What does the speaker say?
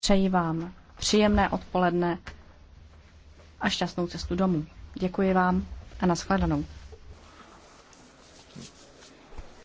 Přeji vám příjemné odpoledne a šťastnou cestu domů. Děkuji vám a nashledanou.